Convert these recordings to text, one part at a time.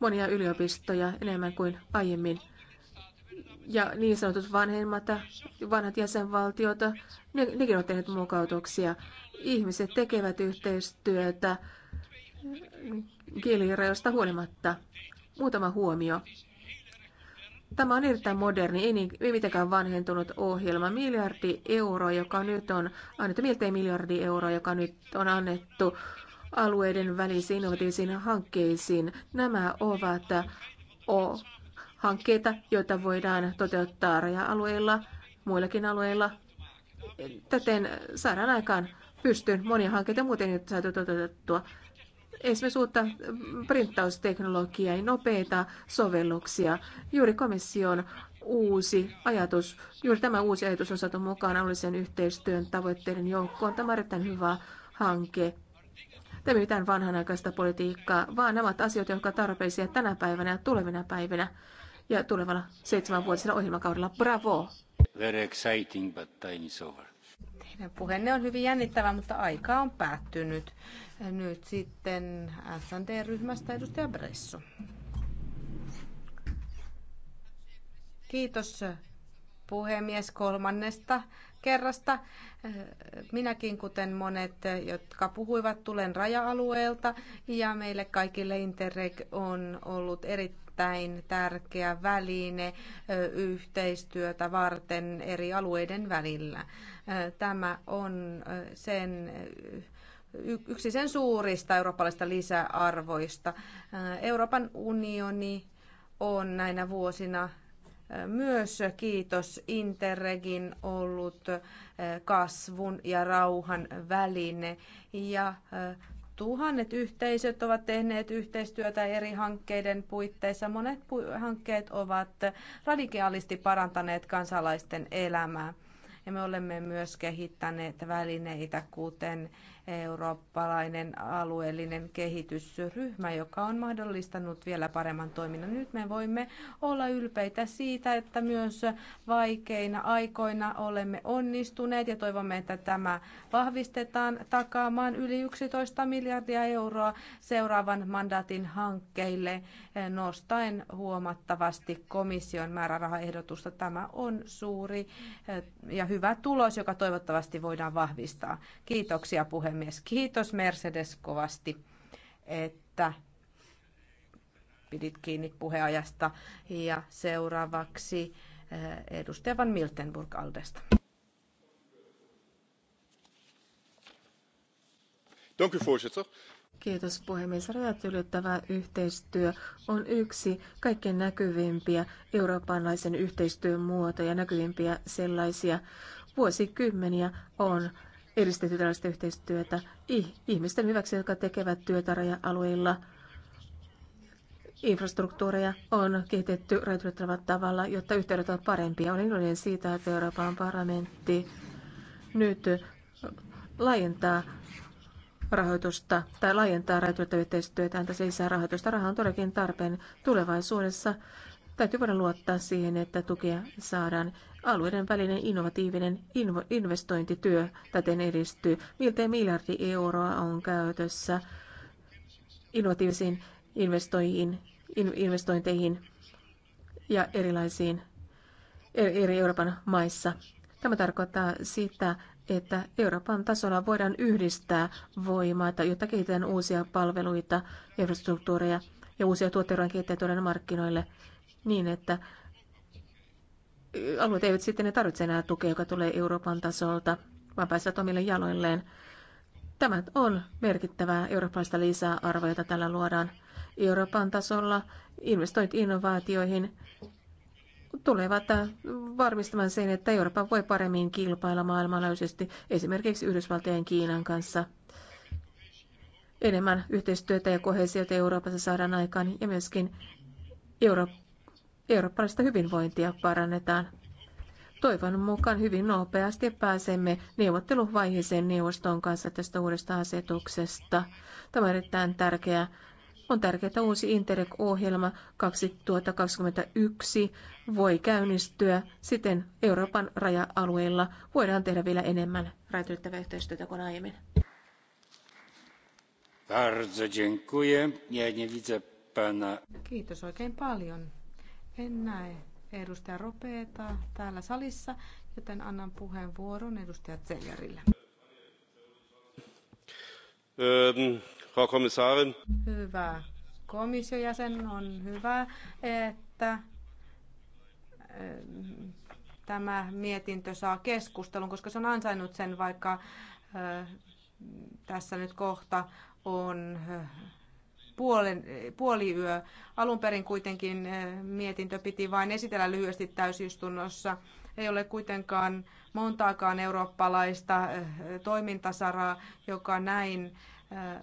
monia yliopistoja enemmän kuin aiemmin. Ja niin sanotut vanhemmat, vanhat jäsenvaltiot, ne, nekin ovat tehneet mukautuksia. Ihmiset tekevät yhteistyötä kielirajoista huolimatta. Muutama huomio. Tämä on erittäin moderni, ei, niin, ei mitenkään vanhentunut ohjelma. Miljardi euroa, joka nyt on annettu, miltei miljardi euroa, joka nyt on annettu alueiden välisiin innovatiivisiin hankkeisiin. Nämä ovat o hankkeita, joita voidaan toteuttaa raja-alueilla, muillakin alueilla. Täten saadaan aikaan pystyn monia hankkeita muuten ei saatu toteutettua. Esimerkiksi uutta printtausteknologiaa ja nopeita sovelluksia. Juuri komission uusi ajatus, juuri tämä uusi ajatus on saatu mukaan alueellisen yhteistyön tavoitteiden joukkoon. Tämä on erittäin hyvä hanke teemme mitään vanhanaikaista politiikkaa, vaan nämä ovat asioita, jotka ovat tarpeisia tänä päivänä ja tulevina päivinä ja tulevalla seitsemänvuotisella ohjelmakaudella. Bravo! Very exciting, but time is over. Teidän puheenne on hyvin jännittävä, mutta aika on päättynyt. Nyt sitten SND-ryhmästä edustaja Bresso. Kiitos puhemies kolmannesta kerrasta. Minäkin, kuten monet, jotka puhuivat, tulen raja-alueelta ja meille kaikille Interreg on ollut erittäin tärkeä väline yhteistyötä varten eri alueiden välillä. Tämä on sen yksi sen suurista eurooppalaisista lisäarvoista. Euroopan unioni on näinä vuosina myös kiitos Interregin ollut eh, kasvun ja rauhan väline ja eh, Tuhannet yhteisöt ovat tehneet yhteistyötä eri hankkeiden puitteissa. Monet hankkeet ovat eh, radikaalisti parantaneet kansalaisten elämää. Ja me olemme myös kehittäneet välineitä, kuten eurooppalainen alueellinen kehitysryhmä, joka on mahdollistanut vielä paremman toiminnan. Nyt me voimme olla ylpeitä siitä, että myös vaikeina aikoina olemme onnistuneet ja toivomme, että tämä vahvistetaan takaamaan yli 11 miljardia euroa seuraavan mandaatin hankkeille eh, nostaen huomattavasti komission määrärahaehdotusta. Tämä on suuri eh, ja hyvä tulos, joka toivottavasti voidaan vahvistaa. Kiitoksia puhemies puhemies. Kiitos Mercedes kovasti, että pidit kiinni puheajasta. Ja seuraavaksi eh, edustaja Van Miltenburg Aldesta. Kiitos puhemies. Rajat ylittävä yhteistyö on yksi kaikkein näkyvimpiä eurooppalaisen yhteistyön muotoja, näkyvimpiä sellaisia. Vuosikymmeniä on edistetty tällaista yhteistyötä ihmisten hyväksi, jotka tekevät työtä raja-alueilla. Infrastruktuureja on kehitetty rajoitettavalla tavalla, jotta yhteydet ovat parempia. Olen iloinen siitä, että Euroopan parlamentti nyt laajentaa rahoitusta tai laajentaa rajoitettua yhteistyötä, antaisi lisää rahoitusta. Raha on todellakin tarpeen tulevaisuudessa. Täytyy voida luottaa siihen, että tukea saadaan. Alueiden välinen innovatiivinen investointityö täten edistyy. Miltei miljardi euroa on käytössä innovatiivisiin investoihin, investointeihin ja erilaisiin eri Euroopan maissa. Tämä tarkoittaa sitä, että Euroopan tasolla voidaan yhdistää voimaa, jotta kehitetään uusia palveluita, infrastruktuureja ja uusia tuotteiden kehittäjätuoden markkinoille niin, että alueet eivät sitten ne tarvitse enää tukea, joka tulee Euroopan tasolta, vaan pääsevät omille jaloilleen. Tämä on merkittävää eurooppalaista lisäarvoa, jota tällä luodaan Euroopan tasolla. Investoit innovaatioihin tulevat varmistamaan sen, että Eurooppa voi paremmin kilpailla maailmanlaajuisesti esimerkiksi Yhdysvaltojen Kiinan kanssa. Enemmän yhteistyötä ja kohesiota Euroopassa saadaan aikaan ja myöskin Eurooppa eurooppalaista hyvinvointia parannetaan. Toivon mukaan hyvin nopeasti pääsemme neuvotteluvaiheeseen neuvoston kanssa tästä uudesta asetuksesta. Tämä on erittäin tärkeää. On tärkeää, että uusi Interreg-ohjelma 2021 voi käynnistyä. Siten Euroopan raja-alueilla voidaan tehdä vielä enemmän rajoitettavaa yhteistyötä kuin aiemmin. Kiitos oikein paljon. En näe edustaja Ropeeta täällä salissa, joten annan puheenvuoron edustaja Zellerille. Ähm, Frau Kommissarin. Hyvä komissiojäsen, on hyvä, että ähm, tämä mietintö saa keskustelun, koska se on ansainnut sen, vaikka äh, tässä nyt kohta on äh, puolen, yö Alun perin kuitenkin eh, mietintö piti vain esitellä lyhyesti täysistunnossa. Ei ole kuitenkaan montaakaan eurooppalaista eh, toimintasaraa, joka näin eh,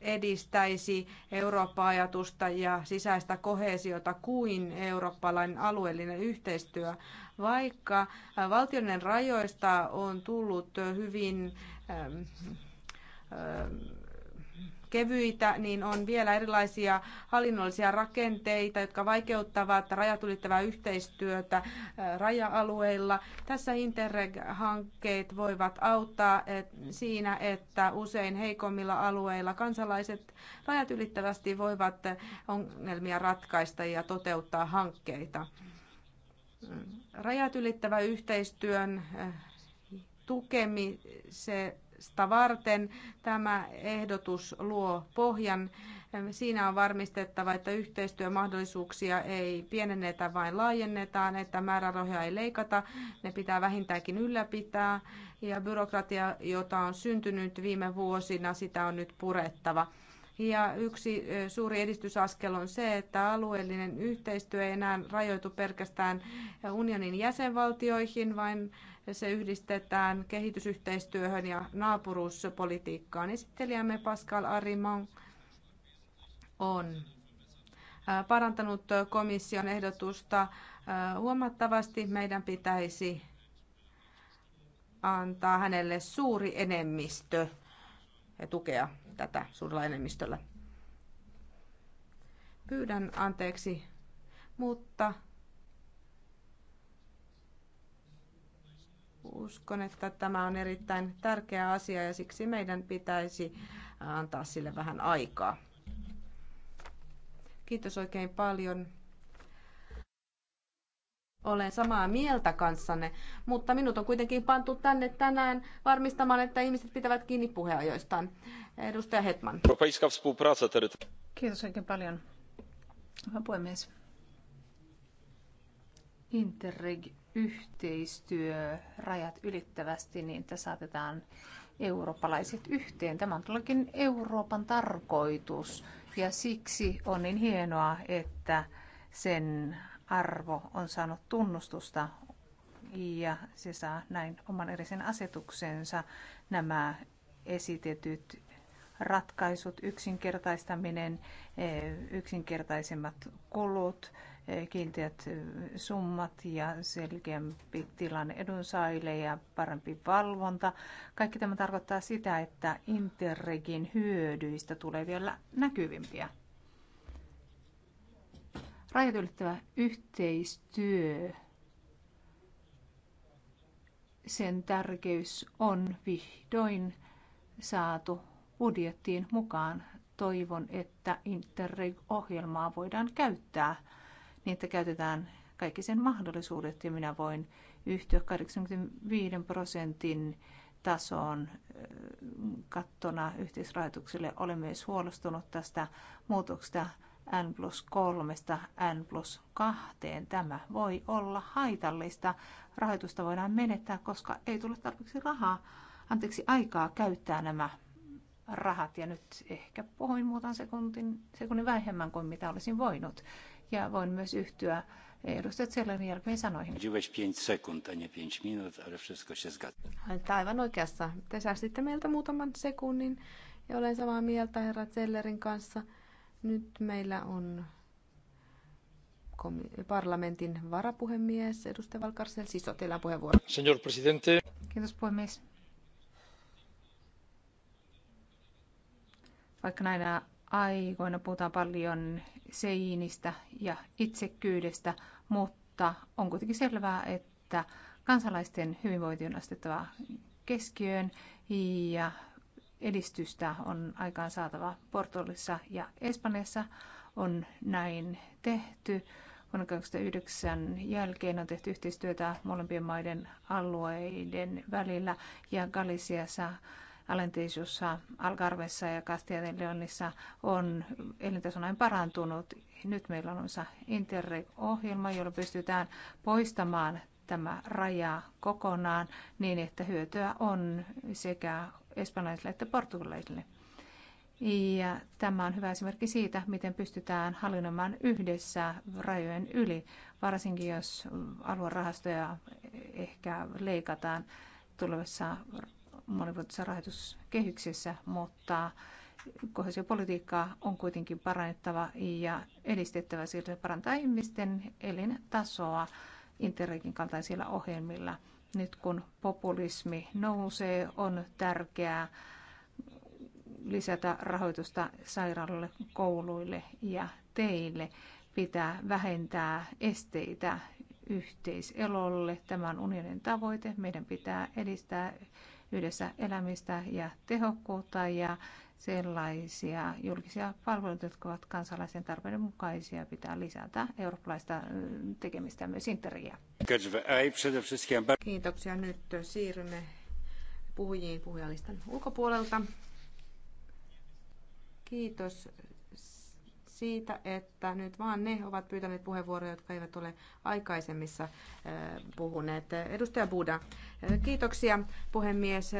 edistäisi Eurooppa-ajatusta ja sisäistä kohesiota kuin eurooppalainen alueellinen yhteistyö. Vaikka valtioiden rajoista on tullut hyvin ähm, ähm, kevyitä, niin on vielä erilaisia hallinnollisia rakenteita, jotka vaikeuttavat rajat ylittävää yhteistyötä äh, raja-alueilla. Tässä Interreg-hankkeet voivat auttaa siinä, että usein heikommilla alueilla kansalaiset rajat ylittävästi voivat ongelmia ratkaista ja toteuttaa hankkeita. Rajat ylittävä yhteistyön äh, tukemi, se varten tämä ehdotus luo pohjan. Siinä on varmistettava, että yhteistyömahdollisuuksia ei pienennetä, vaan laajennetaan, että määrärahoja ei leikata, ne pitää vähintäänkin ylläpitää ja byrokratia, jota on syntynyt viime vuosina, sitä on nyt purettava. Ja yksi suuri edistysaskel on se, että alueellinen yhteistyö ei enää rajoitu pelkästään unionin jäsenvaltioihin, vaan se yhdistetään kehitysyhteistyöhön ja naapuruuspolitiikkaan. Esittelijämme Pascal Arimon on parantanut komission ehdotusta huomattavasti. Meidän pitäisi antaa hänelle suuri enemmistö ja tukea tätä suurella enemmistöllä. Pyydän anteeksi, mutta uskon, että tämä on erittäin tärkeä asia ja siksi meidän pitäisi antaa sille vähän aikaa. Kiitos oikein paljon olen samaa mieltä kanssanne, mutta minut on kuitenkin pantu tänne tänään varmistamaan, että ihmiset pitävät kiinni puheajoistaan. Edustaja Hetman. Kiitos oikein paljon. Hyvä puhemies. Interreg-yhteistyö rajat ylittävästi, niin tässä saatetaan eurooppalaiset yhteen. Tämä on todellakin Euroopan tarkoitus ja siksi on niin hienoa, että sen arvo on saanut tunnustusta ja se saa näin oman erisen asetuksensa. Nämä esitetyt ratkaisut, yksinkertaistaminen, eh, yksinkertaisemmat kulut, eh, kiinteät eh, summat ja selkeämpi tilanne edunsaajille ja parempi valvonta. Kaikki tämä tarkoittaa sitä, että Interregin hyödyistä tulee vielä näkyvimpiä. Rajat ylittävä yhteistyö, sen tärkeys on vihdoin saatu budjettiin mukaan. Toivon, että Interreg-ohjelmaa voidaan käyttää niin, että käytetään kaikki sen mahdollisuudet ja minä voin yhtyä 85 prosentin tasoon äh, kattona yhteisrahoitukselle. Olen myös huolestunut tästä muutoksesta N plus kolmesta N plus kahteen. Tämä voi olla haitallista. Rahoitusta voidaan menettää, koska ei tule tarpeeksi rahaa, anteeksi, aikaa käyttää nämä rahat. Ja nyt ehkä puhuin muutaman sekunnin, sekunnin vähemmän kuin mitä olisin voinut. Ja voin myös yhtyä edustajat Sellerin jälkeen sanoihin. Aivan oikeassa. Te säästitte meiltä muutaman sekunnin ja olen samaa mieltä herra Zellerin kanssa – nyt meillä on parlamentin varapuhemies, edustaja Valkarsel, siis teillä puheenvuoro. Señor presidente. Kiitos puhemies. Vaikka näinä aikoina puhutaan paljon seinistä ja itsekkyydestä, mutta on kuitenkin selvää, että kansalaisten hyvinvointi on astettava keskiöön ja edistystä on aikaan saatava Portolissa ja Espanjassa on näin tehty. Vuonna 2009 jälkeen on tehty yhteistyötä molempien maiden alueiden välillä ja Galisiassa Alenteisussa, Algarvessa ja Castilla-Leonissa on elintaso näin parantunut. Nyt meillä on Interreg-ohjelma, jolla pystytään poistamaan tämä raja kokonaan niin, että hyötyä on sekä espanjalaisille että portugalaisille. Ja tämä on hyvä esimerkki siitä, miten pystytään hallinnoimaan yhdessä rajojen yli, varsinkin jos aluerahastoja ehkä leikataan tulevissa monivuotisessa rahoituskehyksessä, mutta kohesiopolitiikkaa on kuitenkin parannettava ja edistettävä sillä parantaa ihmisten elintasoa Interregin kaltaisilla ohjelmilla nyt kun populismi nousee, on tärkeää lisätä rahoitusta sairaalle, kouluille ja teille. Pitää vähentää esteitä yhteiselolle. Tämä on unionin tavoite. Meidän pitää edistää yhdessä elämistä ja tehokkuutta ja sellaisia julkisia palveluita, jotka ovat kansalaisen tarpeiden mukaisia, pitää lisätä eurooppalaista mm, tekemistä myös interiä. Kiitoksia. Nyt siirrymme puhujiin puhujalistan ulkopuolelta. Kiitos siitä, että nyt vaan ne ovat pyytäneet puheenvuoroja, jotka eivät ole aikaisemmissa eh, puhuneet. Edustaja Buda, eh, kiitoksia puhemies.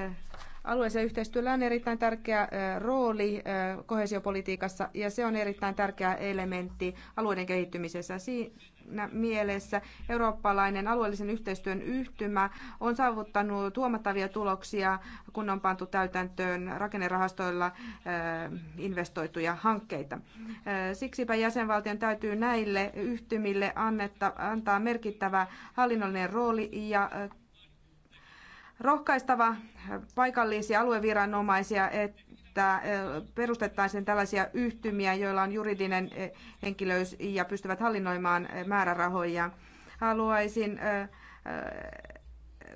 Alueeseen yhteistyöllä on erittäin tärkeä eh, rooli kohesiopolitiikassa ja se on erittäin tärkeä elementti alueiden kehittymisessä mielessä eurooppalainen alueellisen yhteistyön yhtymä on saavuttanut huomattavia tuloksia, kun on pantu täytäntöön rakennerahastoilla eh, investoituja hankkeita. Eh, siksipä jäsenvaltion täytyy näille yhtymille annetta, antaa merkittävä hallinnollinen rooli ja eh, rohkaistava paikallisia alueviranomaisia, että että äh, perustettaisiin tällaisia yhtymiä, joilla on juridinen äh, henkilöys ja pystyvät hallinnoimaan äh, määrärahoja. Haluaisin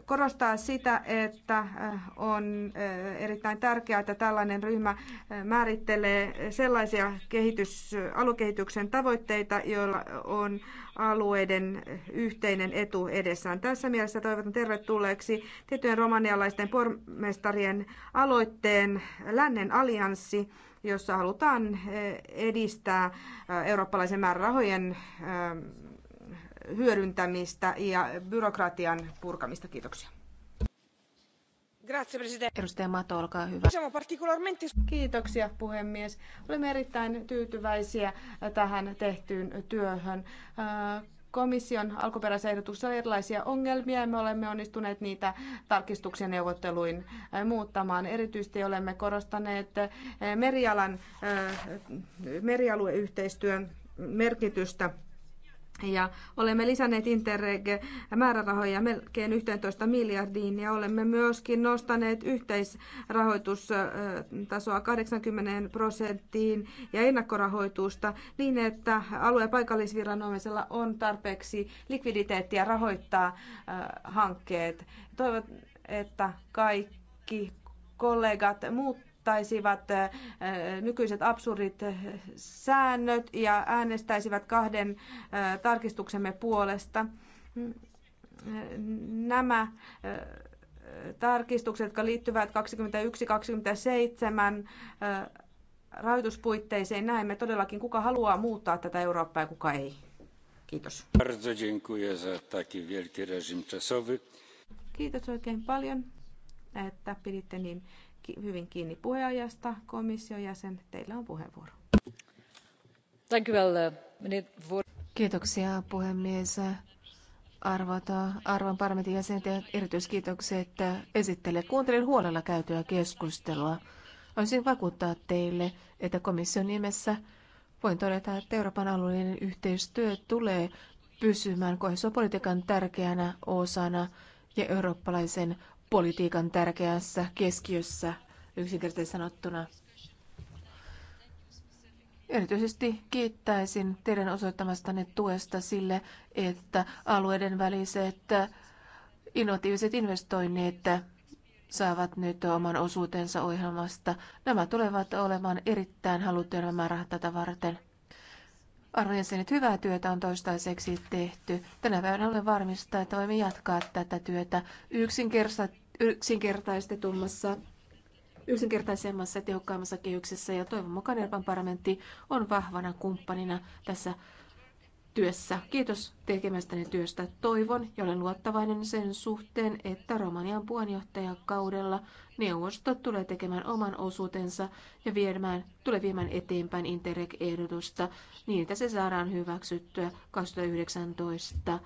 korostaa sitä, että äh, on äh, erittäin tärkeää, että tällainen ryhmä äh, määrittelee sellaisia kehitys, aluekehityksen tavoitteita, joilla on alueiden yhteinen etu edessään. Tässä mielessä toivotan tervetulleeksi tiettyjen romanialaisten pormestarien aloitteen Lännen allianssi, jossa halutaan edistää eurooppalaisen määrärahojen ähm, hyödyntämistä ja byrokratian purkamista. Kiitoksia. Edustaja Mato, olkaa hyvä. Kiitoksia puhemies. Olemme erittäin tyytyväisiä tähän tehtyyn työhön komission alkuperäisehdotuksessa oli erilaisia ongelmia ja me olemme onnistuneet niitä tarkistuksia neuvotteluin muuttamaan. Erityisesti olemme korostaneet merialan, merialueyhteistyön merkitystä ja olemme lisänneet Interreg-määrärahoja melkein 11 miljardiin ja olemme myöskin nostaneet yhteisrahoitustasoa 80 prosenttiin ja ennakkorahoitusta niin, että ja paikallisviranomaisella on tarpeeksi likviditeettiä rahoittaa äh, hankkeet. Toivon, että kaikki kollegat muut ottaisivat nykyiset absurdit säännöt ja äänestäisivät kahden tarkistuksemme puolesta. Nämä tarkistukset, jotka liittyvät 21-27 rahoituspuitteisiin, näemme todellakin, kuka haluaa muuttaa tätä Eurooppaa ja kuka ei. Kiitos. Kiitos oikein paljon, että piditte niin hyvin kiinni puheajasta. Komission jäsen, teillä on puheenvuoro. Uh, Kiitoksia puhemies. arvata, arvon parlamentin jäsenet ja erityiskiitokset esittele. Kuuntelin huolella käytyä keskustelua. Voisin vakuuttaa teille, että komission nimessä voin todeta, että Euroopan alueellinen yhteistyö tulee pysymään kohesiopolitiikan tärkeänä osana ja eurooppalaisen politiikan tärkeässä keskiössä yksinkertaisesti sanottuna. Erityisesti kiittäisin teidän osoittamastanne tuesta sille, että alueiden väliset innovatiiviset investoinnit saavat nyt oman osuutensa ohjelmasta. Nämä tulevat olemaan erittäin haluttuja määrärahat tätä varten. Arvojen sen, että hyvää työtä on toistaiseksi tehty. Tänä päivänä olen varmistaa, että voimme jatkaa tätä työtä yksinkertaistetummassa yksinkertaisemmassa ja tehokkaammassa kehyksessä ja toivon mukaan Euroopan parlamentti on vahvana kumppanina tässä työssä. Kiitos tekemästäni työstä. Toivon ja olen luottavainen sen suhteen, että Romanian puheenjohtajakaudella neuvosto tulee tekemään oman osuutensa ja viemään, tulee viemään eteenpäin Interreg-ehdotusta niin, että se saadaan hyväksyttyä 2019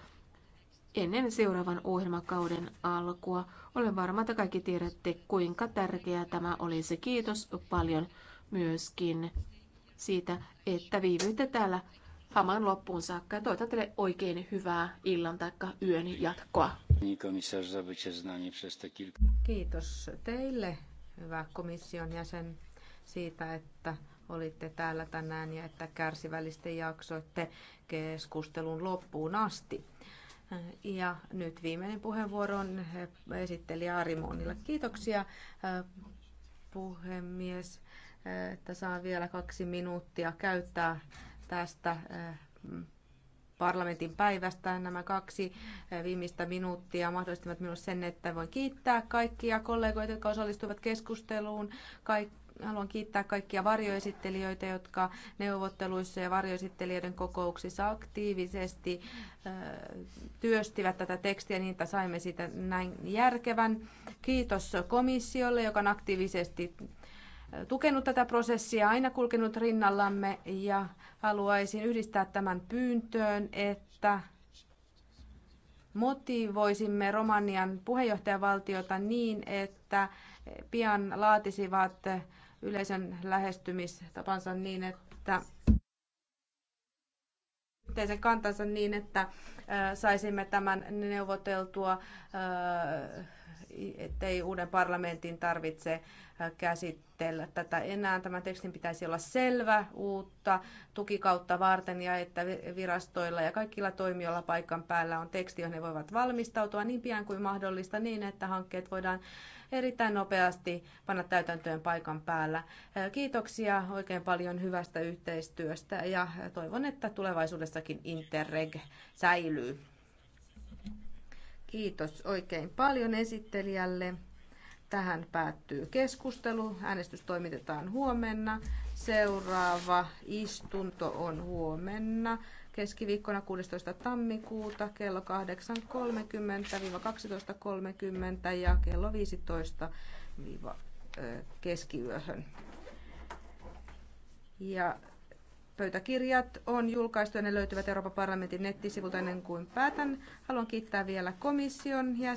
ennen seuraavan ohjelmakauden alkua. Olen varma, että kaikki tiedätte, kuinka tärkeää tämä olisi. Kiitos paljon myöskin siitä, että viivyitte täällä haman loppuun saakka. Toivotan teille oikein hyvää illan tai yön jatkoa. Kiitos teille, hyvä komission jäsen, siitä, että olitte täällä tänään ja että kärsivällisesti jaksoitte keskustelun loppuun asti. Ja nyt viimeinen puheenvuoro on esittelijä Arimonilla. Kiitoksia puhemies, että saan vielä kaksi minuuttia käyttää tästä äh, parlamentin päivästä. Nämä kaksi äh, viimeistä minuuttia mahdollistivat minulle sen, että voin kiittää kaikkia kollegoita, jotka osallistuivat keskusteluun. Kaik- haluan kiittää kaikkia varjoesittelijöitä, jotka neuvotteluissa ja varjoesittelijöiden kokouksissa aktiivisesti äh, työstivät tätä tekstiä niin, että saimme sitä näin järkevän. Kiitos komissiolle, joka on aktiivisesti tukenut tätä prosessia, aina kulkenut rinnallamme ja haluaisin yhdistää tämän pyyntöön, että motivoisimme Romanian puheenjohtajavaltiota niin, että pian laatisivat yleisön lähestymistapansa niin, että yhteisen kantansa niin, että saisimme tämän neuvoteltua, ettei uuden parlamentin tarvitse käsitellä tätä enää. Tämän tekstin pitäisi olla selvä, uutta tukikautta varten ja että virastoilla ja kaikilla toimijoilla paikan päällä on teksti, johon ne voivat valmistautua niin pian kuin mahdollista niin, että hankkeet voidaan erittäin nopeasti panna täytäntöön paikan päällä. Kiitoksia oikein paljon hyvästä yhteistyöstä ja toivon, että tulevaisuudessakin Interreg säilyy. Kiitos oikein paljon esittelijälle. Tähän päättyy keskustelu. Äänestys toimitetaan huomenna. Seuraava istunto on huomenna keskiviikkona 16. tammikuuta kello 8.30-12.30 ja kello 15 keskiyöhön. Ja pöytäkirjat on julkaistu ja ne löytyvät Euroopan parlamentin nettisivulta ennen kuin päätän. Haluan kiittää vielä komission jäsen.